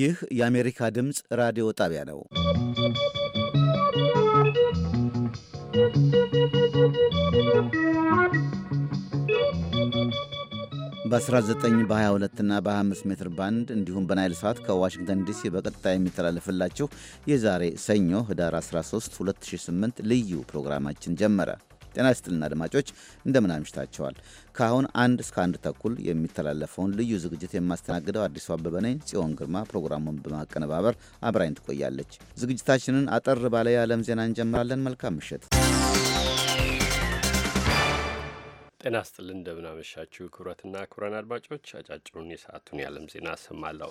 ይህ የአሜሪካ ድምፅ ራዲዮ ጣቢያ ነው። በ19 በ22 እና በ25 ሜትር ባንድ እንዲሁም በናይል ሰዓት ከዋሽንግተን ዲሲ በቀጥታ የሚተላለፍላችሁ የዛሬ ሰኞ ህዳር 13 2008 ልዩ ፕሮግራማችን ጀመረ። ጤና ይስጥልን አድማጮች እንደምን አምሽታቸዋል። ከአሁን አንድ እስከ አንድ ተኩል የሚተላለፈውን ልዩ ዝግጅት የማስተናግደው አዲሱ አበበ ነኝ። ጽዮን ግርማ ፕሮግራሙን በማቀነባበር አብራኝ ትቆያለች። ዝግጅታችንን አጠር ባለ የዓለም ዜና እንጀምራለን። መልካም ምሽት። ጤና ይስጥልን አመሻችሁ። ክቡራትና ክቡራን አድማጮች አጫጭሩን የሰዓቱን የዓለም ዜና አሰማለሁ።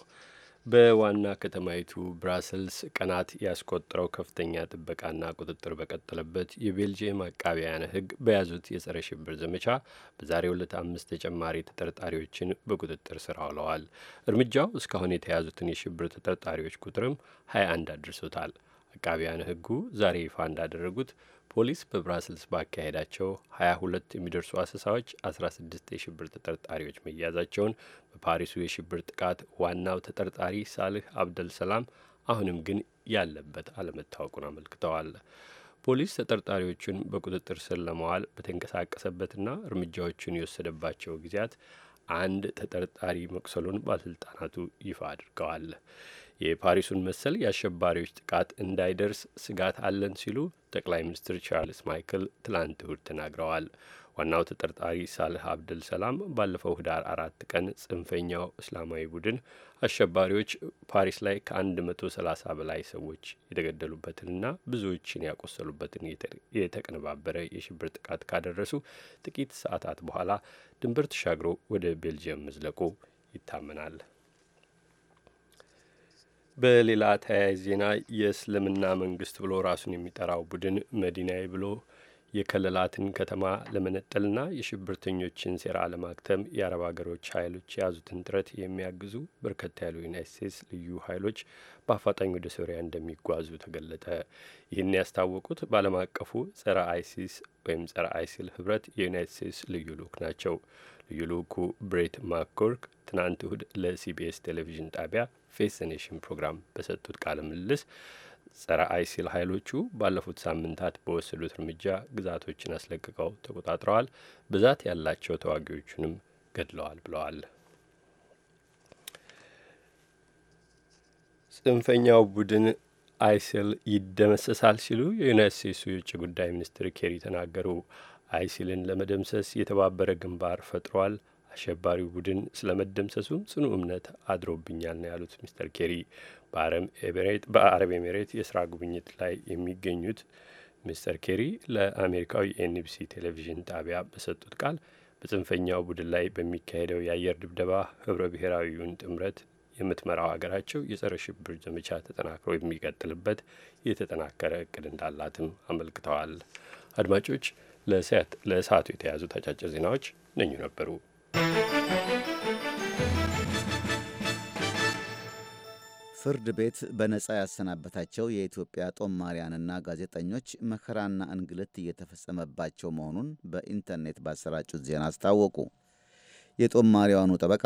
በዋና ከተማይቱ ብራሰልስ ቀናት ያስቆጠረው ከፍተኛ ጥበቃና ቁጥጥር በቀጠለበት የቤልጅየም አቃቢያነ ሕግ በያዙት የጸረ ሽብር ዘመቻ በዛሬው ዕለት አምስት ተጨማሪ ተጠርጣሪዎችን በቁጥጥር ስር አውለዋል። እርምጃው እስካሁን የተያዙትን የሽብር ተጠርጣሪዎች ቁጥርም 21 አድርሶታል። አቃቢያነ ሕጉ ዛሬ ይፋ እንዳደረጉት ፖሊስ በብራስልስ ባካሄዳቸው 22 የሚደርሱ አሰሳዎች 16 የሽብር ተጠርጣሪዎች መያዛቸውን በፓሪሱ የሽብር ጥቃት ዋናው ተጠርጣሪ ሳልህ አብደል ሰላም አሁንም ግን ያለበት አለመታወቁን አመልክተዋል። ፖሊስ ተጠርጣሪዎቹን በቁጥጥር ስር ለመዋል በተንቀሳቀሰበትና እርምጃዎቹን የወሰደባቸው ጊዜያት አንድ ተጠርጣሪ መቁሰሉን ባለስልጣናቱ ይፋ አድርገዋል። የፓሪሱን መሰል የአሸባሪዎች ጥቃት እንዳይደርስ ስጋት አለን ሲሉ ጠቅላይ ሚኒስትር ቻርልስ ማይክል ትላንት እሁድ ተናግረዋል። ዋናው ተጠርጣሪ ሳልህ አብደል ሰላም ባለፈው ህዳር አራት ቀን ጽንፈኛው እስላማዊ ቡድን አሸባሪዎች ፓሪስ ላይ መቶ ሰላሳ በላይ ሰዎች የተገደሉበትንና ብዙዎችን ያቆሰሉበትን የተቀነባበረ የሽብር ጥቃት ካደረሱ ጥቂት ሰዓታት በኋላ ድንበር ተሻግሮ ወደ ቤልጅየም መዝለቁ ይታመናል። በሌላ ተያያዥ ዜና የእስልምና መንግስት ብሎ ራሱን የሚጠራው ቡድን መዲናዊ ብሎ የከለላትን ከተማ ለመነጠልና የሽብርተኞችን ሴራ ለማክተም የአረብ ሀገሮች ኃይሎች የያዙትን ጥረት የሚያግዙ በርከት ያሉ ዩናይት ስቴትስ ልዩ ኃይሎች በአፋጣኝ ወደ ሶሪያ እንደሚጓዙ ተገለጠ። ይህን ያስታወቁት በዓለም አቀፉ ጸረ አይሲስ ወይም ጸረ አይሲል ህብረት የዩናይት ስቴትስ ልዩ ልኡክ ናቸው። ልዩ ልኡኩ ብሬት ማክኮርክ ትናንት እሁድ ለሲቢኤስ ቴሌቪዥን ጣቢያ ፌስ ኔሽን ፕሮግራም በሰጡት ቃለ ምልልስ ጸረ አይሲል ኃይሎቹ ባለፉት ሳምንታት በወሰዱት እርምጃ ግዛቶችን አስለቅቀው ተቆጣጥረዋል፣ ብዛት ያላቸው ተዋጊዎቹንም ገድለዋል ብለዋል። ጽንፈኛው ቡድን አይሲል ይደመሰሳል ሲሉ የዩናይት ስቴትሱ የውጭ ጉዳይ ሚኒስትር ኬሪ ተናገሩ። አይሲልን ለመደምሰስ የተባበረ ግንባር ፈጥሯል። አሸባሪው ቡድን ስለ መደምሰሱም ጽኑ እምነት አድሮብኛል ነው ያሉት ሚስተር ኬሪ። በአረብ ኤሜሬት የስራ ጉብኝት ላይ የሚገኙት ሚስተር ኬሪ ለአሜሪካው የኤንቢሲ ቴሌቪዥን ጣቢያ በሰጡት ቃል በጽንፈኛው ቡድን ላይ በሚካሄደው የአየር ድብደባ ህብረ ብሔራዊውን ጥምረት የምትመራው ሀገራቸው የጸረ ሽብር ዘመቻ ተጠናክሮ የሚቀጥልበት የተጠናከረ እቅድ እንዳላትም አመልክተዋል። አድማጮች ለሰዓቱ የተያዙ አጫጭር ዜናዎች ነኙ ነበሩ። ፍርድ ቤት በነጻ ያሰናበታቸው የኢትዮጵያ ጦማሪያንና ጋዜጠኞች መከራና እንግልት እየተፈጸመባቸው መሆኑን በኢንተርኔት ባሰራጩት ዜና አስታወቁ። የጦማሪያኑ ጠበቃ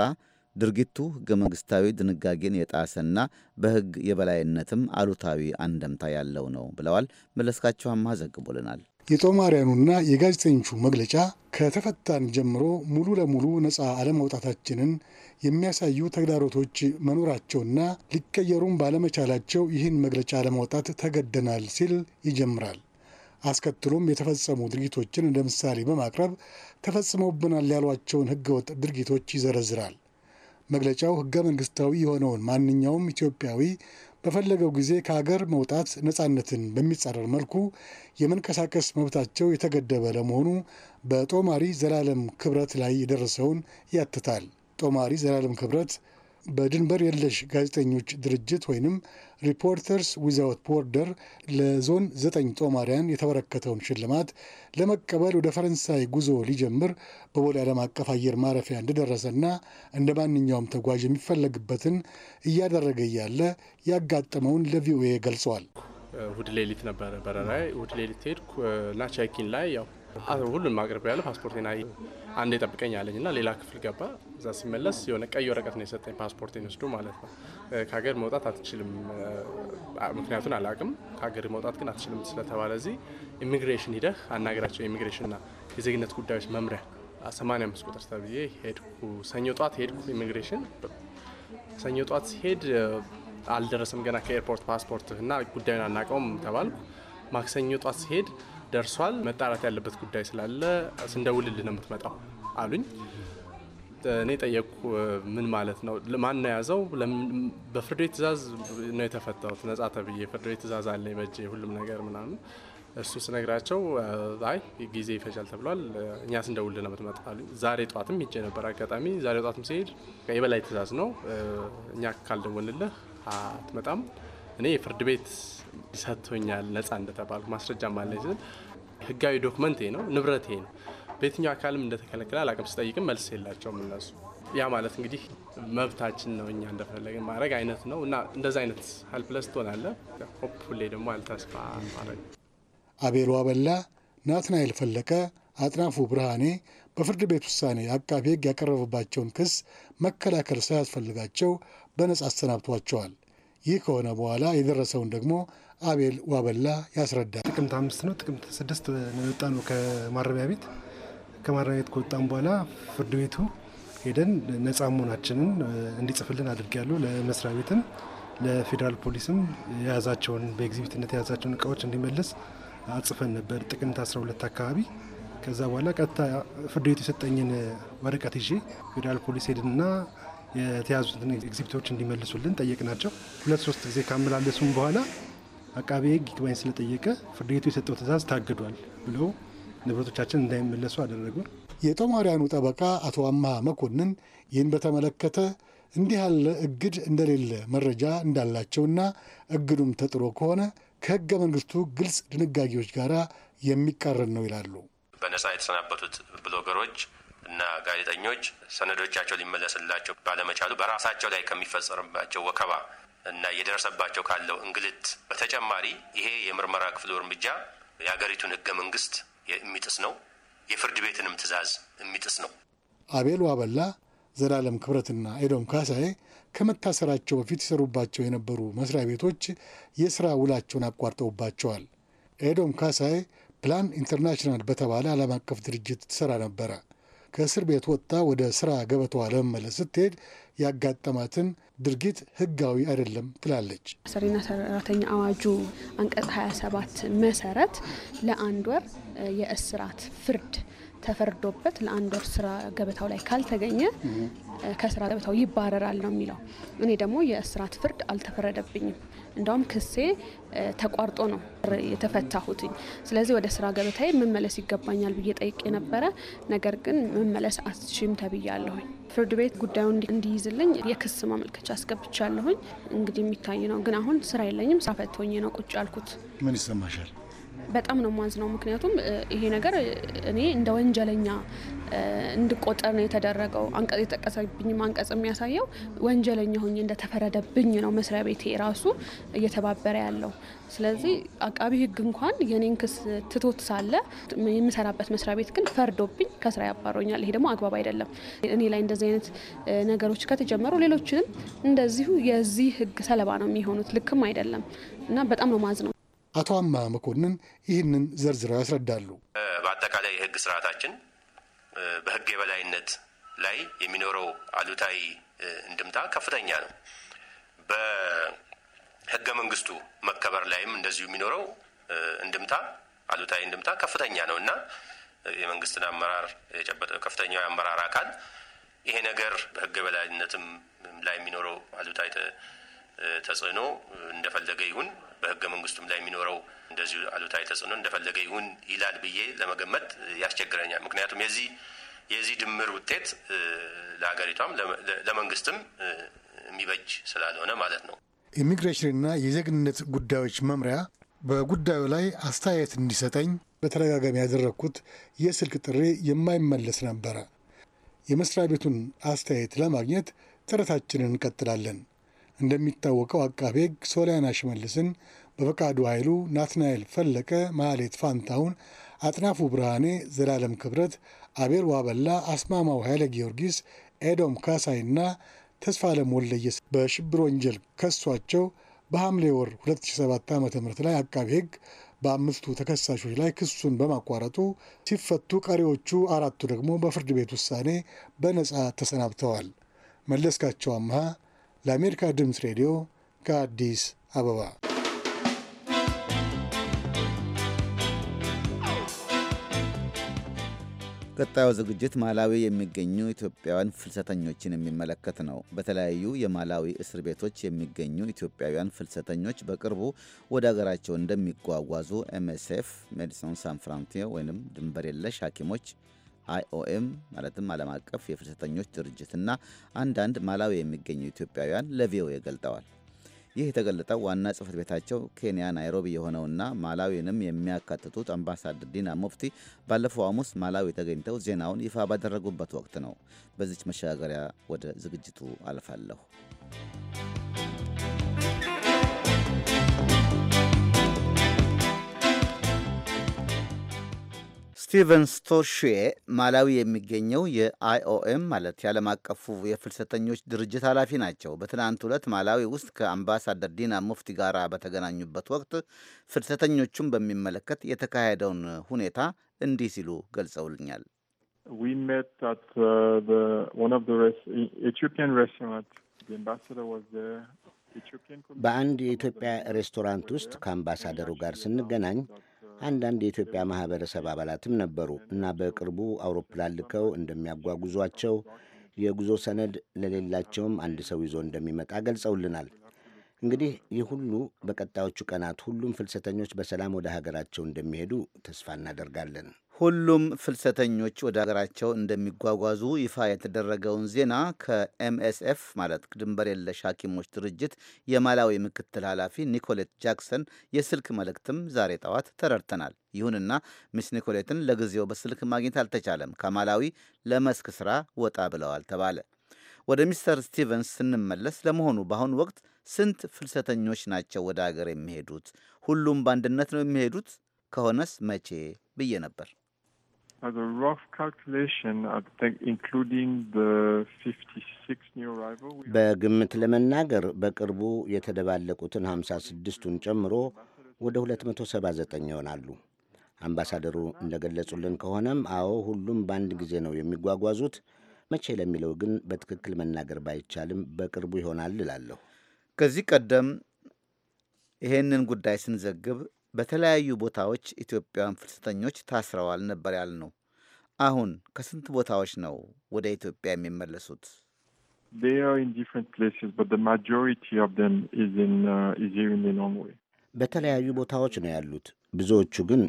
ድርጊቱ ሕገ መንግሥታዊ ድንጋጌን የጣሰና በሕግ የበላይነትም አሉታዊ አንደምታ ያለው ነው ብለዋል። መለስካቸው አማ ዘግቦልናል። የጦማሪያኑና የጋዜጠኞቹ መግለጫ ከተፈታን ጀምሮ ሙሉ ለሙሉ ነፃ አለመውጣታችንን የሚያሳዩ ተግዳሮቶች መኖራቸውና ሊቀየሩም ባለመቻላቸው ይህን መግለጫ ለማውጣት ተገደናል ሲል ይጀምራል። አስከትሎም የተፈጸሙ ድርጊቶችን እንደ ምሳሌ በማቅረብ ተፈጽመውብናል ያሏቸውን ህገወጥ ድርጊቶች ይዘረዝራል። መግለጫው ህገ መንግስታዊ የሆነውን ማንኛውም ኢትዮጵያዊ በፈለገው ጊዜ ከሀገር መውጣት ነፃነትን በሚጻረር መልኩ የመንቀሳቀስ መብታቸው የተገደበ ለመሆኑ በጦማሪ ዘላለም ክብረት ላይ የደረሰውን ያትታል። ጦማሪ ዘላለም ክብረት በድንበር የለሽ ጋዜጠኞች ድርጅት ወይንም ሪፖርተርስ ዊዛውት ቦርደር ለዞን ዘጠኝ ጦማሪያን የተበረከተውን ሽልማት ለመቀበል ወደ ፈረንሳይ ጉዞ ሊጀምር በቦሌ ዓለም አቀፍ አየር ማረፊያ እንደደረሰና እንደ ማንኛውም ተጓዥ የሚፈለግበትን እያደረገ እያለ ያጋጠመውን ለቪኦኤ ገልጸዋል። እሑድ ሌሊት ነበረ በረራዬ። እሑድ ሌሊት ሄድኩ እና ቼኪን ላይ ያው ሁሉን ማቅረብ ያለ ፓስፖርቴን አይ አንድ የጠብቀኝ አለኝ እና ሌላ ክፍል ገባ። እዛ ሲመለስ የሆነ ቀይ ወረቀት ነው የሰጠኝ ፓስፖርቴን ወስዶ ማለት ነው። ከሀገር መውጣት አትችልም፣ ምክንያቱን አላውቅም። ከሀገር መውጣት ግን አትችልም ስለተባለ እዚህ ኢሚግሬሽን ሂደህ አናገራቸው ኢሚግሬሽንና የዜግነት ጉዳዮች መምሪያ 85 ቁጥር ተብዬ ሄድኩ። ሰኞ ጠዋት ሄድኩ ኢሚግሬሽን። ሰኞ ጠዋት ሲሄድ አልደረሰም ገና ከኤርፖርት ፓስፖርት እና ጉዳዩን አናውቀውም ተባልኩ። ማክሰኞ ጠዋት ሲሄድ ደርሷል፣ መጣራት ያለበት ጉዳይ ስላለ ስንደውልልህ ነው የምትመጣው አሉኝ። እኔ ጠየቁ፣ ምን ማለት ነው? ማን ያዘው? በፍርድ ቤት ትእዛዝ ነው የተፈታሁት ነጻ ተብዬ ፍርድ ቤት ትእዛዝ አለ በእጄ ሁሉም ነገር ምናምን። እሱ ስነግራቸው አይ ጊዜ ይፈጃል ተብሏል፣ እኛ ስንደውልልህ ነው የምትመጣ አሉኝ። ዛሬ ጠዋትም ሄጄ ነበር አጋጣሚ። ዛሬ ጠዋትም ሲሄድ የበላይ ትእዛዝ ነው፣ እኛ ካልደወልንልህ አትመጣም። እኔ የፍርድ ቤት ሰጥቶኛል፣ ነጻ እንደተባልኩ ማስረጃ ማለ ስል ህጋዊ ዶክመንት ነው፣ ንብረቴ ነው። በየትኛው አካልም እንደተከለከለ አላቅም። ስጠይቅም መልስ የላቸውም እነሱ። ያ ማለት እንግዲህ መብታችን ነው እኛ እንደፈለግን ማድረግ አይነት ነው እና እንደዚ አይነት ሀልፕለስ ትሆናለ። ሆፕፉሌ ደግሞ አልተስፋ ማድረግ አቤል አበላ ናትናኤል ፈለቀ፣ አጥናፉ ብርሃኔ በፍርድ ቤት ውሳኔ አቃቤ ህግ ያቀረበባቸውን ክስ መከላከል ሳያስፈልጋቸው በነጻ አሰናብቷቸዋል። ይህ ከሆነ በኋላ የደረሰውን ደግሞ አቤል ዋበላ ያስረዳል። ጥቅምት አምስት ነው ጥቅምት ስድስት የወጣ ነው ከማረሚያ ቤት። ከማረሚያ ቤት ከወጣም በኋላ ፍርድ ቤቱ ሄደን ነጻ መሆናችንን እንዲጽፍልን አድርጊያለሁ። ለመስሪያ ቤትም ለፌዴራል ፖሊስም የያዛቸውን በኤግዚቢትነት የያዛቸውን እቃዎች እንዲመልስ አጽፈን ነበር ጥቅምት 12 አካባቢ። ከዛ በኋላ ቀጥታ ፍርድ ቤቱ የሰጠኝን ወረቀት ይዤ ፌዴራል ፖሊስ ሄድንና የተያዙትን ኤግዚቢቶች እንዲመልሱልን ጠየቅናቸው። ሁለት ሶስት ጊዜ ካመላለሱም በኋላ አቃቤ ሕግ ይግባኝ ስለጠየቀ ፍርድ ቤቱ የሰጠው ትእዛዝ ታግዷል ብሎ ንብረቶቻችን እንዳይመለሱ አደረጉ። የጦማሪያኑ ጠበቃ አቶ አምሃ መኮንን ይህን በተመለከተ እንዲህ ያለ እግድ እንደሌለ መረጃ እንዳላቸውና እግዱም ተጥሮ ከሆነ ከህገ መንግስቱ ግልጽ ድንጋጌዎች ጋር የሚቃረን ነው ይላሉ። በነጻ የተሰናበቱት ብሎገሮች እና ጋዜጠኞች ሰነዶቻቸው ሊመለስላቸው ባለመቻሉ በራሳቸው ላይ ከሚፈጸምባቸው ወከባ እና እየደረሰባቸው ካለው እንግልት በተጨማሪ ይሄ የምርመራ ክፍሉ እርምጃ የሀገሪቱን ህገ መንግስት የሚጥስ ነው፣ የፍርድ ቤትንም ትዕዛዝ የሚጥስ ነው። አቤል ዋበላ፣ ዘላለም ክብረትና ኤዶም ካሳዬ ከመታሰራቸው በፊት ይሰሩባቸው የነበሩ መስሪያ ቤቶች የስራ ውላቸውን አቋርጠውባቸዋል። ኤዶም ካሳዬ ፕላን ኢንተርናሽናል በተባለ ዓለም አቀፍ ድርጅት ትሰራ ነበረ። ከእስር ቤት ወጥታ ወደ ስራ ገበታዋ ለመመለስ ስትሄድ ያጋጠማትን ድርጊት ህጋዊ አይደለም ትላለች። አሰሪና ሰራተኛ አዋጁ አንቀጽ 27 መሰረት ለአንድ ወር የእስራት ፍርድ ተፈርዶበት ለአንድ ወር ስራ ገበታው ላይ ካልተገኘ ከስራ ገበታው ይባረራል ነው የሚለው። እኔ ደግሞ የእስራት ፍርድ አልተፈረደብኝም። እንዳውም ክሴ ተቋርጦ ነው የተፈታሁትኝ። ስለዚህ ወደ ስራ ገበታዬ መመለስ ይገባኛል ብዬ ጠይቄ ነበረ። ነገር ግን መመለስ አስችም ተብያለሁኝ። ፍርድ ቤት ጉዳዩን እንዲይዝልኝ የክስ ማመልከቻ አስገብቻለሁኝ። እንግዲህ የሚታይ ነው። ግን አሁን ስራ የለኝም። ስራ ፈቶኝ ነው ቁጭ ያልኩት። ምን ይሰማሻል? በጣም ነው ማዝነው። ምክንያቱም ይሄ ነገር እኔ እንደ ወንጀለኛ እንድቆጠር ነው የተደረገው። አንቀጽ የጠቀሰብኝም አንቀጽ የሚያሳየው ወንጀለኛ ሆኜ እንደተፈረደብኝ ነው መስሪያ ቤቴ ራሱ እየተባበረ ያለው። ስለዚህ አቃቢ ሕግ እንኳን የኔን ክስ ትቶት ሳለ የምሰራበት መስሪያ ቤት ግን ፈርዶብኝ ከስራ ያባሮኛል። ይሄ ደግሞ አግባብ አይደለም። እኔ ላይ እንደዚህ አይነት ነገሮች ከተጀመሩ ሌሎችንም እንደዚሁ የዚህ ሕግ ሰለባ ነው የሚሆኑት። ልክም አይደለም እና በጣም ነው ማዝ ነው አቶ አማ መኮንን ይህንን ዘርዝረው ያስረዳሉ። በአጠቃላይ የህግ ስርዓታችን በህግ የበላይነት ላይ የሚኖረው አሉታዊ እንድምታ ከፍተኛ ነው። በህገ መንግስቱ መከበር ላይም እንደዚሁ የሚኖረው እንድምታ አሉታዊ እንድምታ ከፍተኛ ነው እና የመንግስትን አመራር የጨበጠ ከፍተኛው የአመራር አካል ይሄ ነገር በህገ በላይነትም ላይ የሚኖረው አሉታዊ ተጽዕኖ እንደፈለገ ይሁን ህገ መንግስቱም ላይ የሚኖረው እንደዚሁ አሉታዊ ተጽዕኖ እንደፈለገ ይሁን ይላል ብዬ ለመገመት ያስቸግረኛል። ምክንያቱም የዚህ የዚህ ድምር ውጤት ለሀገሪቷም ለመንግስትም የሚበጅ ስላልሆነ ማለት ነው። ኢሚግሬሽንና የዜግነት ጉዳዮች መምሪያ በጉዳዩ ላይ አስተያየት እንዲሰጠኝ በተደጋጋሚ ያደረግኩት የስልክ ጥሪ የማይመለስ ነበረ። የመስሪያ ቤቱን አስተያየት ለማግኘት ጥረታችንን እንቀጥላለን። እንደሚታወቀው አቃቤ ሕግ ሶሊያና ሽመልስን በፈቃዱ ኃይሉ፣ ናትናኤል ፈለቀ፣ ማሌት ፋንታሁን፣ አጥናፉ ብርሃኔ፣ ዘላለም ክብረት፣ አቤል ዋበላ፣ አስማማው ኃይለ ጊዮርጊስ፣ ኤዶም ካሳይና ተስፋ ተስፋለም ወልደየስ በሽብር ወንጀል ከሷቸው በሐምሌ ወር 2007 ዓ ም ላይ አቃቢ ሕግ በአምስቱ ተከሳሾች ላይ ክሱን በማቋረጡ ሲፈቱ፣ ቀሪዎቹ አራቱ ደግሞ በፍርድ ቤት ውሳኔ በነጻ ተሰናብተዋል። መለስካቸው አምሃ ለአሜሪካ ድምፅ ሬዲዮ ከአዲስ አበባ ቀጣዩ ዝግጅት ማላዊ የሚገኙ ኢትዮጵያውያን ፍልሰተኞችን የሚመለከት ነው። በተለያዩ የማላዊ እስር ቤቶች የሚገኙ ኢትዮጵያውያን ፍልሰተኞች በቅርቡ ወደ አገራቸው እንደሚጓጓዙ ኤምኤስኤፍ ሜዲሲን ሳን ፍራንቲር ወይም ድንበር የለሽ ሐኪሞች አይኦኤም ማለትም ዓለም አቀፍ የፍልሰተኞች ድርጅትና አንዳንድ ማላዊ የሚገኙ ኢትዮጵያውያን ለቪኦኤ ገልጠዋል። ይህ የተገለጠው ዋና ጽህፈት ቤታቸው ኬንያ ናይሮቢ የሆነውና ማላዊንም የሚያካትቱት አምባሳደር ዲና ሙፍቲ ባለፈው ሐሙስ ማላዊ ተገኝተው ዜናውን ይፋ ባደረጉበት ወቅት ነው። በዚች መሻገሪያ ወደ ዝግጅቱ አልፋለሁ። ስቲቨን ቶርሽዌ ማላዊ የሚገኘው የአይኦኤም ማለት የዓለም አቀፉ የፍልሰተኞች ድርጅት ኃላፊ ናቸው። በትናንት ዕለት ማላዊ ውስጥ ከአምባሳደር ዲና ሙፍቲ ጋር በተገናኙበት ወቅት ፍልሰተኞቹን በሚመለከት የተካሄደውን ሁኔታ እንዲህ ሲሉ ገልጸውልኛል። uh, በአንድ የኢትዮጵያ ሬስቶራንት ውስጥ ከአምባሳደሩ ጋር ስንገናኝ አንዳንድ የኢትዮጵያ ማህበረሰብ አባላትም ነበሩ እና በቅርቡ አውሮፕላን ልከው እንደሚያጓጉዟቸው የጉዞ ሰነድ ለሌላቸውም አንድ ሰው ይዞ እንደሚመጣ ገልጸውልናል። እንግዲህ ይህ ሁሉ በቀጣዮቹ ቀናት ሁሉም ፍልሰተኞች በሰላም ወደ ሀገራቸው እንደሚሄዱ ተስፋ እናደርጋለን። ሁሉም ፍልሰተኞች ወደ ሀገራቸው እንደሚጓጓዙ ይፋ የተደረገውን ዜና ከኤምኤስኤፍ ማለት ድንበር የለሽ ሐኪሞች ድርጅት የማላዊ ምክትል ኃላፊ ኒኮሌት ጃክሰን የስልክ መልእክትም ዛሬ ጠዋት ተረድተናል። ይሁንና ሚስ ኒኮሌትን ለጊዜው በስልክ ማግኘት አልተቻለም። ከማላዊ ለመስክ ስራ ወጣ ብለዋል ተባለ። ወደ ሚስተር ስቲቨንስ ስንመለስ ለመሆኑ በአሁኑ ወቅት ስንት ፍልሰተኞች ናቸው ወደ ሀገር የሚሄዱት? ሁሉም በአንድነት ነው የሚሄዱት? ከሆነስ መቼ ብዬ ነበር። በግምት ለመናገር በቅርቡ የተደባለቁትን 56ቱን ጨምሮ ወደ 279 ይሆናሉ። አምባሳደሩ እንደገለጹልን ከሆነም አዎ፣ ሁሉም በአንድ ጊዜ ነው የሚጓጓዙት። መቼ ለሚለው ግን በትክክል መናገር ባይቻልም በቅርቡ ይሆናል እላለሁ። ከዚህ ቀደም ይሄንን ጉዳይ ስንዘግብ በተለያዩ ቦታዎች ኢትዮጵያውያን ፍልሰተኞች ታስረዋል ነበር ያልነው። አሁን ከስንት ቦታዎች ነው ወደ ኢትዮጵያ የሚመለሱት? Uh, በተለያዩ ቦታዎች ነው ያሉት። ብዙዎቹ ግን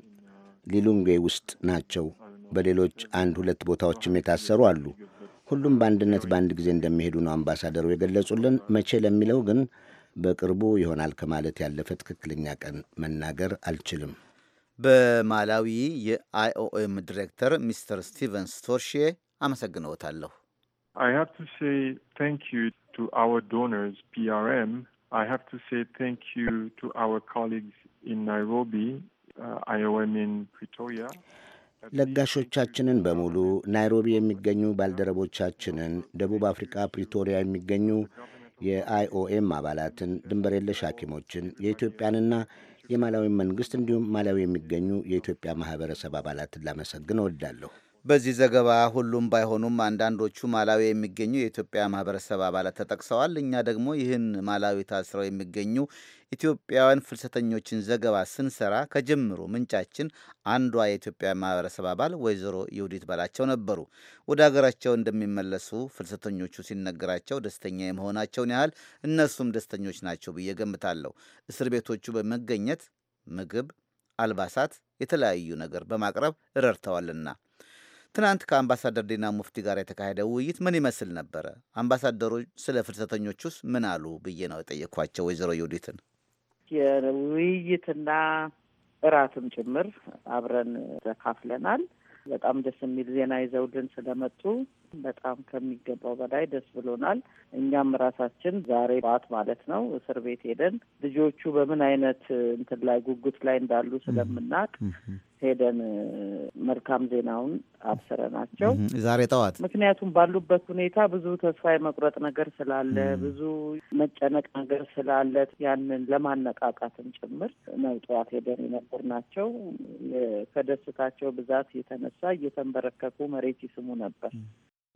ሊሉንጌ ውስጥ ናቸው። በሌሎች አንድ ሁለት ቦታዎችም የታሰሩ አሉ። ሁሉም በአንድነት በአንድ ጊዜ እንደሚሄዱ ነው አምባሳደሩ የገለጹልን። መቼ ለሚለው ግን በቅርቡ ይሆናል ከማለት ያለፈ ትክክለኛ ቀን መናገር አልችልም። በማላዊ የአይኦኤም ዲሬክተር ሚስተር ስቲቨን ስቶርሼ አመሰግንዎታለሁ። uh, ለጋሾቻችንን በሙሉ ናይሮቢ የሚገኙ ባልደረቦቻችንን፣ ደቡብ አፍሪካ ፕሪቶሪያ የሚገኙ የአይኦኤም አባላትን፣ ድንበር የለሽ ሐኪሞችን፣ የኢትዮጵያንና የማላዊ መንግሥት እንዲሁም ማላዊ የሚገኙ የኢትዮጵያ ማኅበረሰብ አባላትን ላመሰግን እወዳለሁ። በዚህ ዘገባ ሁሉም ባይሆኑም አንዳንዶቹ ማላዊ የሚገኙ የኢትዮጵያ ማህበረሰብ አባላት ተጠቅሰዋል። እኛ ደግሞ ይህን ማላዊ ታስረው የሚገኙ ኢትዮጵያውያን ፍልሰተኞችን ዘገባ ስንሰራ ከጀምሩ ምንጫችን አንዷ የኢትዮጵያ ማህበረሰብ አባል ወይዘሮ ይሁዲት በላቸው ነበሩ። ወደ ሀገራቸው እንደሚመለሱ ፍልሰተኞቹ ሲነገራቸው ደስተኛ የመሆናቸውን ያህል እነሱም ደስተኞች ናቸው ብዬ ገምታለሁ። እስር ቤቶቹ በመገኘት ምግብ፣ አልባሳት፣ የተለያዩ ነገር በማቅረብ ረድተዋልና ትናንት ከአምባሳደር ዲና ሙፍቲ ጋር የተካሄደ ውይይት ምን ይመስል ነበረ? አምባሳደሩ ስለ ፍልሰተኞች ውስጥ ምን አሉ ብዬ ነው የጠየኳቸው ወይዘሮ ዩዲትን። የውይይትና እራትም ጭምር አብረን ተካፍለናል። በጣም ደስ የሚል ዜና ይዘውልን ስለመጡ በጣም ከሚገባው በላይ ደስ ብሎናል። እኛም ራሳችን ዛሬ ጠዋት ማለት ነው እስር ቤት ሄደን ልጆቹ በምን አይነት እንትን ላይ ጉጉት ላይ እንዳሉ ስለምናውቅ ሄደን መልካም ዜናውን አብስረናቸው ዛሬ ጠዋት። ምክንያቱም ባሉበት ሁኔታ ብዙ ተስፋ የመቁረጥ ነገር ስላለ፣ ብዙ መጨነቅ ነገር ስላለ ያንን ለማነቃቃትም ጭምር ነው ጠዋት ሄደን ናቸው ከደስታቸው ብዛት የተነሳ እየተንበረከኩ መሬት ይስሙ ነበር።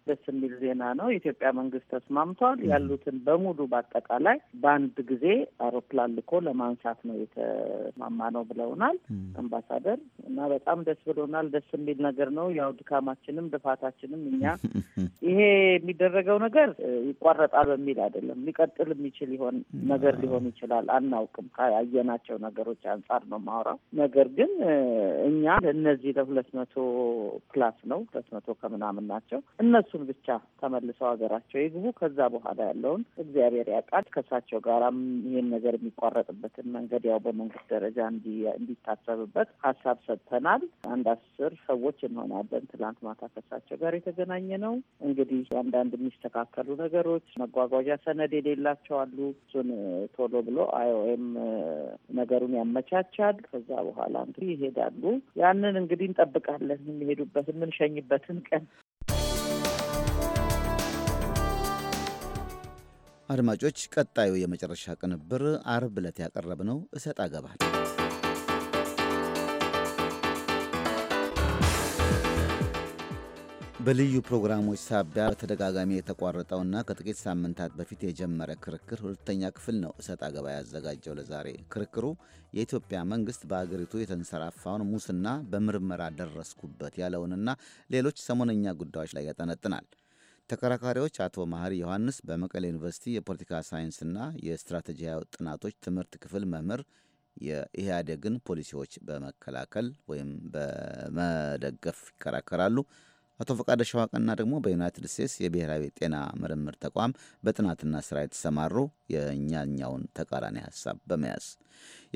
ደስ የሚል ዜና ነው። የኢትዮጵያ መንግስት ተስማምቷል። ያሉትን በሙሉ በአጠቃላይ በአንድ ጊዜ አውሮፕላን ልኮ ለማንሳት ነው የተስማማ ነው ብለውናል አምባሳደር እና በጣም ደስ ብሎናል። ደስ የሚል ነገር ነው። ያው ድካማችንም ልፋታችንም እኛ ይሄ የሚደረገው ነገር ይቋረጣል በሚል አይደለም ሊቀጥል የሚችል ይሆን ነገር ሊሆን ይችላል አናውቅም። ካያየናቸው ነገሮች አንጻር ነው ማውራው። ነገር ግን እኛ ለእነዚህ ለሁለት መቶ ፕላስ ነው ሁለት መቶ ከምናምን ናቸው እነሱ የደረሱትን ብቻ ተመልሰው ሀገራቸው ይግቡ። ከዛ በኋላ ያለውን እግዚአብሔር ያውቃል። ከእሳቸው ጋራም ይህን ነገር የሚቋረጥበትን መንገድ ያው በመንግስት ደረጃ እንዲታሰብበት ሀሳብ ሰጥተናል። አንድ አስር ሰዎች እንሆናለን። ትላንት ማታ ከእሳቸው ጋር የተገናኘ ነው። እንግዲህ አንዳንድ የሚስተካከሉ ነገሮች መጓጓዣ ሰነድ የሌላቸው አሉ። እሱን ቶሎ ብሎ አይኦኤም ነገሩን ያመቻቻል። ከዛ በኋላ እንግዲህ ይሄዳሉ። ያንን እንግዲህ እንጠብቃለን የሚሄዱበት የምንሸኝበትን ቀን አድማጮች፣ ቀጣዩ የመጨረሻ ቅንብር አርብ ዕለት ያቀረብነው እሰጥ አገባል በልዩ ፕሮግራሞች ሳቢያ በተደጋጋሚ የተቋረጠውና ከጥቂት ሳምንታት በፊት የጀመረ ክርክር ሁለተኛ ክፍል ነው። እሰጥ አገባ ያዘጋጀው ለዛሬ ክርክሩ የኢትዮጵያ መንግስት በአገሪቱ የተንሰራፋውን ሙስና በምርመራ ደረስኩበት ያለውንና ሌሎች ሰሞነኛ ጉዳዮች ላይ ያጠነጥናል። ተከራካሪዎች አቶ መሐሪ ዮሐንስ በመቀሌ ዩኒቨርሲቲ የፖለቲካ ሳይንስና የስትራቴጂያዊ ጥናቶች ትምህርት ክፍል መምህር የኢህአዴግን ፖሊሲዎች በመከላከል ወይም በመደገፍ ይከራከራሉ። አቶ ፈቃደ ሸዋቀና ደግሞ በዩናይትድ ስቴትስ የብሔራዊ ጤና ምርምር ተቋም በጥናትና ስራ የተሰማሩ የእኛኛውን ተቃራኒ ሀሳብ በመያዝ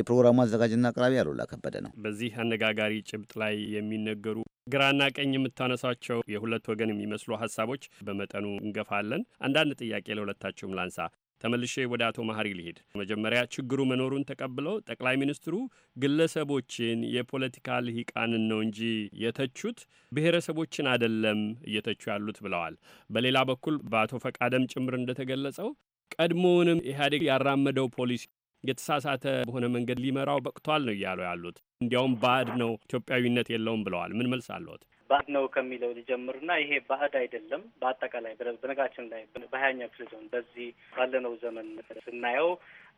የፕሮግራሙ አዘጋጅና አቅራቢ አሉላ ከበደ ነው። በዚህ አነጋጋሪ ጭብጥ ላይ የሚነገሩ ግራና ቀኝ የምታነሷቸው የሁለት ወገን የሚመስሉ ሀሳቦች በመጠኑ እንገፋለን። አንዳንድ ጥያቄ ለሁለታችሁም ላንሳ። ተመልሼ ወደ አቶ መሀሪ ልሄድ። መጀመሪያ ችግሩ መኖሩን ተቀብለው ጠቅላይ ሚኒስትሩ ግለሰቦችን የፖለቲካ ልሂቃንን ነው እንጂ የተቹት ብሔረሰቦችን አደለም እየተቹ ያሉት ብለዋል። በሌላ በኩል በአቶ ፈቃደም ጭምር እንደተገለጸው ቀድሞውንም ኢህአዴግ ያራመደው ፖሊሲ የተሳሳተ በሆነ መንገድ ሊመራው በቅቷል ነው እያሉ ያሉት። እንዲያውም ባዕድ ነው፣ ኢትዮጵያዊነት የለውም ብለዋል። ምን መልስ አለዎት? ባድ ነው ከሚለው ሊጀምርና ይሄ ባዕድ አይደለም። በአጠቃላይ በነጋችን ላይ በሀያኛው ክፍለ ዘመን በዚህ ባለነው ዘመን ስናየው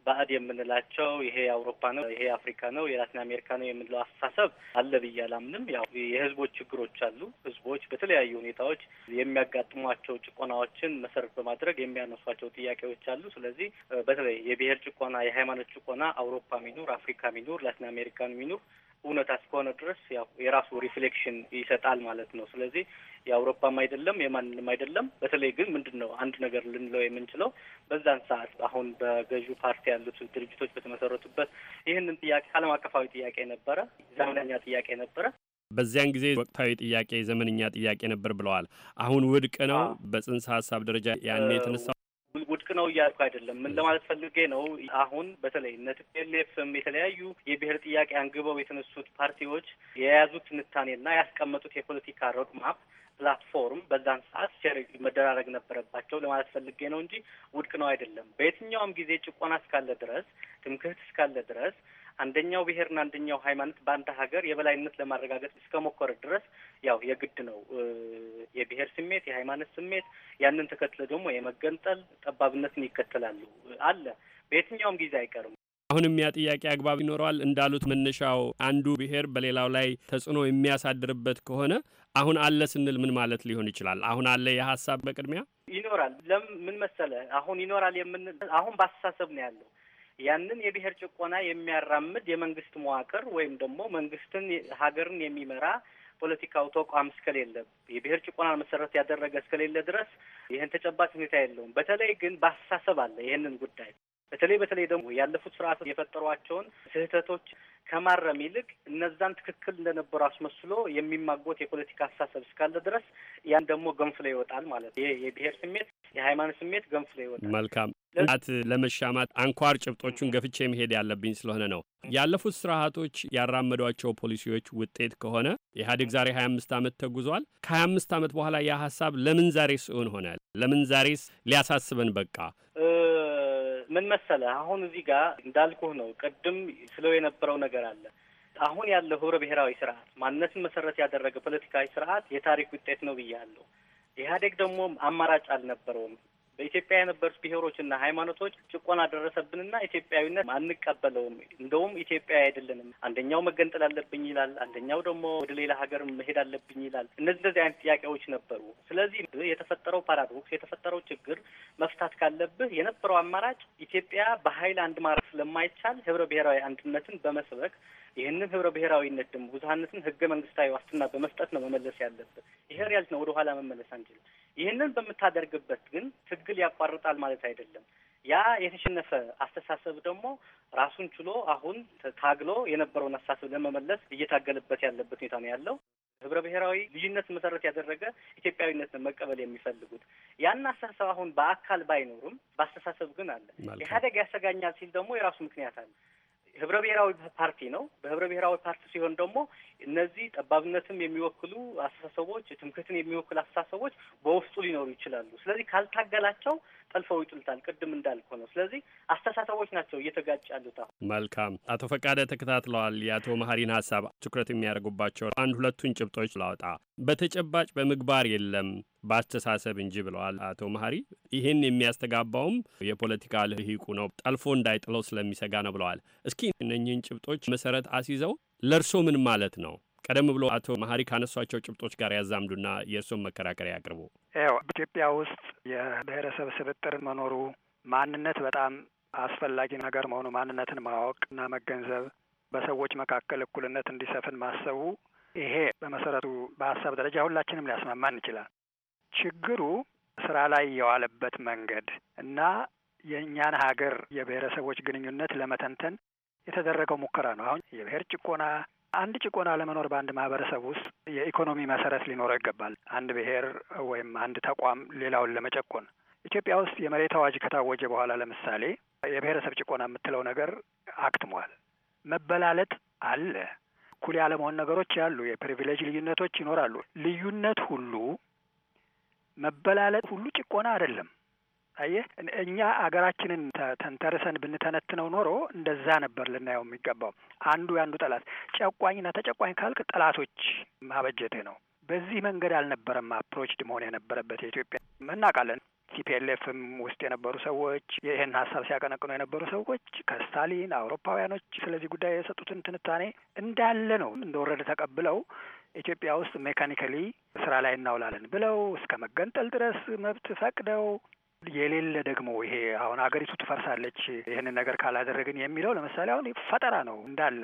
ባዕድ የምንላቸው ይሄ አውሮፓ ነው፣ ይሄ የአፍሪካ ነው፣ የላቲን አሜሪካ ነው የምንለው አስተሳሰብ አለ ብዬ አላምንም። ያው የህዝቦች ችግሮች አሉ። ህዝቦች በተለያዩ ሁኔታዎች የሚያጋጥሟቸው ጭቆናዎችን መሰረት በማድረግ የሚያነሷቸው ጥያቄዎች አሉ። ስለዚህ በተለይ የብሔር ጭቆና፣ የሃይማኖት ጭቆና አውሮፓ ሚኑር፣ አፍሪካ ሚኑር፣ ላቲን አሜሪካን ሚኑር እውነታ እስከሆነ ድረስ ያው የራሱ ሪፍሌክሽን ይሰጣል ማለት ነው። ስለዚህ የአውሮፓም አይደለም የማንንም አይደለም። በተለይ ግን ምንድን ነው አንድ ነገር ልንለው የምንችለው በዛን ሰዓት አሁን በገዢው ፓርቲ ያሉት ድርጅቶች በተመሰረቱበት ይህንን ጥያቄ ዓለም አቀፋዊ ጥያቄ ነበረ፣ ዘመነኛ ጥያቄ ነበረ። በዚያን ጊዜ ወቅታዊ ጥያቄ፣ ዘመነኛ ጥያቄ ነበር ብለዋል። አሁን ውድቅ ነው በጽንሰ ሀሳብ ደረጃ ያኔ የተነሳ ውድቅ ነው እያልኩ አይደለም። ምን ለማለት ፈልጌ ነው፣ አሁን በተለይ እነ ቲፒኤልኤፍም የተለያዩ የብሔር ጥያቄ አንግበው የተነሱት ፓርቲዎች የያዙት ትንታኔና ያስቀመጡት የፖለቲካ ሮድማፕ ፕላትፎርም በዛን ሰዓት ሼር መደራረግ ነበረባቸው ለማለት ፈልጌ ነው እንጂ ውድቅ ነው አይደለም። በየትኛውም ጊዜ ጭቆና እስካለ ድረስ ትምክህት እስካለ ድረስ አንደኛው ብሔርና አንደኛው ሃይማኖት በአንድ ሀገር የበላይነት ለማረጋገጥ እስከሞከረ ድረስ ያው የግድ ነው የብሔር ስሜት፣ የሃይማኖት ስሜት ያንን ተከትለ ደግሞ የመገንጠል ጠባብነትን ይከተላሉ አለ በየትኛውም ጊዜ አይቀርም። አሁንም ያ ጥያቄ አግባብ ይኖረዋል እንዳሉት መነሻው አንዱ ብሔር በሌላው ላይ ተጽዕኖ የሚያሳድርበት ከሆነ አሁን አለ ስንል ምን ማለት ሊሆን ይችላል? አሁን አለ የሀሳብ በቅድሚያ ይኖራል። ለምን መሰለ አሁን ይኖራል የምን አሁን በአስተሳሰብ ነው ያለው ያንን የብሔር ጭቆና የሚያራምድ የመንግስት መዋቅር ወይም ደግሞ መንግስትን ሀገርን የሚመራ ፖለቲካው ተቋም እስከሌለ የብሔር ጭቆናን መሰረት ያደረገ እስከሌለ ድረስ ይህን ተጨባጭ ሁኔታ የለውም። በተለይ ግን በአስተሳሰብ አለ። ይህንን ጉዳይ በተለይ በተለይ ደግሞ ያለፉት ስርዓት የፈጠሯቸውን ስህተቶች ከማረም ይልቅ እነዛን ትክክል እንደነበሩ አስመስሎ የሚማጎት የፖለቲካ አስተሳሰብ እስካለ ድረስ ያን ደግሞ ገንፍሎ ይወጣል ማለት ነው። ይህ የብሔር ስሜት፣ የሃይማኖት ስሜት ገንፍሎ ይወጣል። መልካም ት ለመሻማት አንኳር ጭብጦቹን ገፍቼ መሄድ ያለብኝ ስለሆነ ነው። ያለፉት ስርዓቶች ያራመዷቸው ፖሊሲዎች ውጤት ከሆነ ኢህአዴግ ዛሬ 25 ዓመት ተጉዟል። ከ25 ዓመት በኋላ ያ ሀሳብ ለምን ዛሬ እውን ሆነ? ለምን ዛሬስ ሊያሳስበን በቃ? ምን መሰለ፣ አሁን እዚህ ጋር እንዳልኩህ ነው። ቅድም ስለው የነበረው ነገር አለ። አሁን ያለው ህብረ ብሔራዊ ስርዓት ማንነትን መሰረት ያደረገ ፖለቲካዊ ስርዓት የታሪክ ውጤት ነው ብያለሁ። ኢህአዴግ ደግሞ አማራጭ አልነበረውም። በኢትዮጵያ የነበሩት ብሔሮችና ሃይማኖቶች ጭቆና ደረሰብንና ኢትዮጵያዊነት አንቀበለውም። እንደውም ኢትዮጵያ አይደለንም። አንደኛው መገንጠል አለብኝ ይላል፣ አንደኛው ደግሞ ወደ ሌላ ሀገር መሄድ አለብኝ ይላል። እነዚህ እንደዚህ አይነት ጥያቄዎች ነበሩ። ስለዚህ የተፈጠረው ፓራዶክስ የተፈጠረው ችግር መፍታት ካለብህ የነበረው አማራጭ ኢትዮጵያ በኃይል አንድ ማድረግ ስለማይቻል ህብረ ብሔራዊ አንድነትን በመስበክ ይህንን ህብረ ብሔራዊነት ደግሞ ብዙሀነትን ህገ መንግስታዊ ዋስትና በመስጠት ነው መመለስ ያለብህ። ይሄ ሪያልት ነው። ወደኋላ መመለስ አንችልም። ይህንን በምታደርግበት ግን ትግል ያቋርጣል ማለት አይደለም። ያ የተሸነፈ አስተሳሰብ ደግሞ ራሱን ችሎ አሁን ታግሎ የነበረውን አስተሳሰብ ለመመለስ እየታገለበት ያለበት ሁኔታ ነው ያለው። ህብረ ብሔራዊ ልዩነት መሰረት ያደረገ ኢትዮጵያዊነትን መቀበል የሚፈልጉት ያን አስተሳሰብ አሁን በአካል ባይኖርም በአስተሳሰብ ግን አለ። ኢህአዴግ ያሰጋኛል ሲል ደግሞ የራሱ ምክንያት አለ። ህብረ ብሔራዊ ፓርቲ ነው። በህብረ ብሔራዊ ፓርቲ ሲሆን ደግሞ እነዚህ ጠባብነትም የሚወክሉ አስተሳሰቦች፣ ትምክህትን የሚወክሉ አስተሳሰቦች በውስጡ ሊኖሩ ይችላሉ። ስለዚህ ካልታገላቸው ጠልፈው ይጥሉታል። ቅድም እንዳልኩ ነው። ስለዚህ አስተሳሰቦች ናቸው እየተጋጭ ያሉት። አሁን መልካም አቶ ፈቃደ ተከታትለዋል። የአቶ መሀሪን ሀሳብ ትኩረት የሚያደርጉባቸው አንድ ሁለቱን ጭብጦች ላውጣ። በተጨባጭ በምግባር የለም በአስተሳሰብ እንጂ ብለዋል አቶ መሀሪ። ይህን የሚያስተጋባውም የፖለቲካ ልሂቁ ነው፣ ጠልፎ እንዳይጥለው ስለሚሰጋ ነው ብለዋል። እስኪ እነኚህን ጭብጦች መሰረት አስይዘው ለእርሶ ምን ማለት ነው ቀደም ብሎ አቶ መሀሪ ካነሷቸው ጭብጦች ጋር ያዛምዱና የእርስዎም መከራከሪያ ያቅርቡ። ያው በኢትዮጵያ ውስጥ የብሔረሰብ ስብጥር መኖሩ ማንነት በጣም አስፈላጊ ነገር መሆኑ ማንነትን ማወቅ እና መገንዘብ፣ በሰዎች መካከል እኩልነት እንዲሰፍን ማሰቡ ይሄ በመሰረቱ በሀሳብ ደረጃ ሁላችንም ሊያስማማን ይችላል። ችግሩ ስራ ላይ የዋለበት መንገድ እና የእኛን ሀገር የብሔረሰቦች ግንኙነት ለመተንተን የተደረገው ሙከራ ነው። አሁን የብሔር ጭቆና አንድ ጭቆና ለመኖር በአንድ ማህበረሰብ ውስጥ የኢኮኖሚ መሰረት ሊኖረው ይገባል። አንድ ብሔር ወይም አንድ ተቋም ሌላውን ለመጨቆን ኢትዮጵያ ውስጥ የመሬት አዋጅ ከታወጀ በኋላ ለምሳሌ የብሔረሰብ ጭቆና የምትለው ነገር አክትሟል። መበላለጥ አለ። እኩል ያለመሆን ነገሮች ያሉ፣ የፕሪቪሌጅ ልዩነቶች ይኖራሉ። ልዩነት ሁሉ መበላለጥ ሁሉ ጭቆና አይደለም። አየህ እኛ አገራችንን ተንተርሰን ብንተነትነው ኖሮ እንደዛ ነበር ልናየው የሚገባው። አንዱ የአንዱ ጠላት ጨቋኝና ተጨቋኝ ካልክ ጠላቶች ማበጀትህ ነው። በዚህ መንገድ አልነበረም አፕሮች መሆን የነበረበት የኢትዮጵያ እናውቃለን። ሲፒኤልኤፍም ውስጥ የነበሩ ሰዎች ይህን ሀሳብ ሲያቀነቅኑ የነበሩ ሰዎች ከስታሊን አውሮፓውያኖች ስለዚህ ጉዳይ የሰጡትን ትንታኔ እንዳለ ነው እንደወረደ ተቀብለው ኢትዮጵያ ውስጥ ሜካኒካሊ ስራ ላይ እናውላለን ብለው እስከ መገንጠል ድረስ መብት ፈቅደው የሌለ ደግሞ ይሄ አሁን ሀገሪቱ ትፈርሳለች ይህንን ነገር ካላደረግን የሚለው ለምሳሌ አሁን ፈጠራ ነው እንዳለ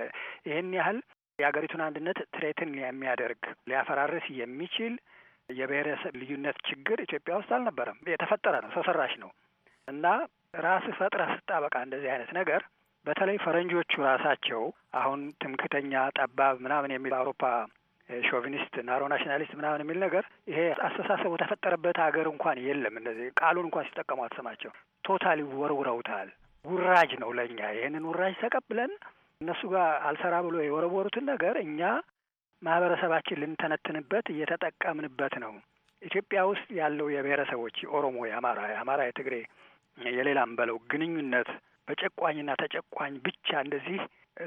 ይህን ያህል የሀገሪቱን አንድነት ትሬትን የሚያደርግ ሊያፈራርስ የሚችል የብሔረሰብ ልዩነት ችግር ኢትዮጵያ ውስጥ አልነበረም። የተፈጠረ ነው፣ ሰው ሰራሽ ነው እና ራስህ ፈጥረህ ስታበቃ እንደዚህ አይነት ነገር በተለይ ፈረንጆቹ ራሳቸው አሁን ትምክተኛ፣ ጠባብ ምናምን የሚል አውሮፓ ሾቪኒስት ናሮ ናሽናሊስት ምናምን የሚል ነገር ይሄ አስተሳሰቡ ተፈጠረበት ሀገር እንኳን የለም። እነዚህ ቃሉን እንኳን ሲጠቀሙ አትሰማቸው። ቶታሊ ወርውረውታል። ውራጅ ነው ለእኛ። ይህንን ውራጅ ተቀብለን እነሱ ጋር አልሰራ ብሎ የወረወሩትን ነገር እኛ ማህበረሰባችን ልንተነትንበት እየተጠቀምንበት ነው። ኢትዮጵያ ውስጥ ያለው የብሔረሰቦች የኦሮሞ፣ የአማራ፣ የአማራ፣ የትግሬ፣ የሌላም በለው ግንኙነት በጨቋኝና ተጨቋኝ ብቻ እንደዚህ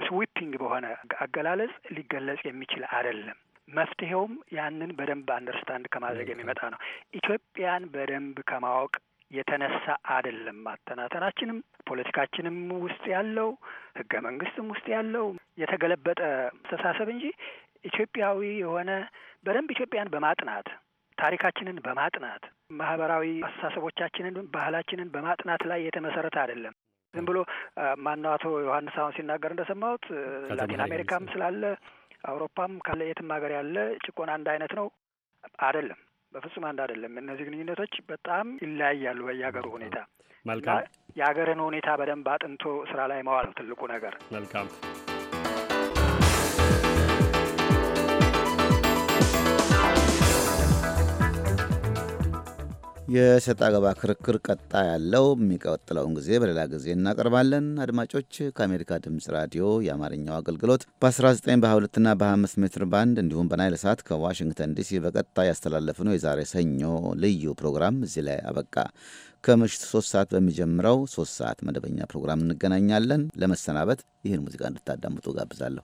ስዊፒንግ በሆነ አገላለጽ ሊገለጽ የሚችል አይደለም። መፍትሄውም ያንን በደንብ አንደርስታንድ ከማድረግ የሚመጣ ነው። ኢትዮጵያን በደንብ ከማወቅ የተነሳ አይደለም ማተናተናችንም፣ ፖለቲካችንም ውስጥ ያለው ህገ መንግስትም ውስጥ ያለው የተገለበጠ አስተሳሰብ እንጂ ኢትዮጵያዊ የሆነ በደንብ ኢትዮጵያን በማጥናት ታሪካችንን በማጥናት ማህበራዊ አስተሳሰቦቻችንን፣ ባህላችንን በማጥናት ላይ የተመሰረተ አይደለም። ዝም ብሎ ማነው አቶ ዮሐንስ አሁን ሲናገር እንደሰማሁት ላቲን አሜሪካም ስላለ አውሮፓም ካለ የትም ሀገር ያለ ጭቆና አንድ አይነት ነው አይደለም። በፍጹም አንድ አይደለም። እነዚህ ግንኙነቶች በጣም ይለያያሉ በየሀገሩ ሁኔታ። መልካም የሀገርን ሁኔታ በደንብ አጥንቶ ስራ ላይ መዋል ትልቁ ነገር። መልካም የሰጥ አገባ ክርክር ቀጣ ያለው የሚቀጥለውን ጊዜ በሌላ ጊዜ እናቀርባለን። አድማጮች ከአሜሪካ ድምፅ ራዲዮ የአማርኛው አገልግሎት በ19 በ22ና በ25 ሜትር ባንድ እንዲሁም በናይል ሰዓት ከዋሽንግተን ዲሲ በቀጥታ ያስተላለፍነው የዛሬ ሰኞ ልዩ ፕሮግራም እዚህ ላይ አበቃ። ከምሽቱ 3 ሰዓት በሚጀምረው 3 ሰዓት መደበኛ ፕሮግራም እንገናኛለን። ለመሰናበት ይህን ሙዚቃ እንድታዳምጡ ጋብዛለሁ።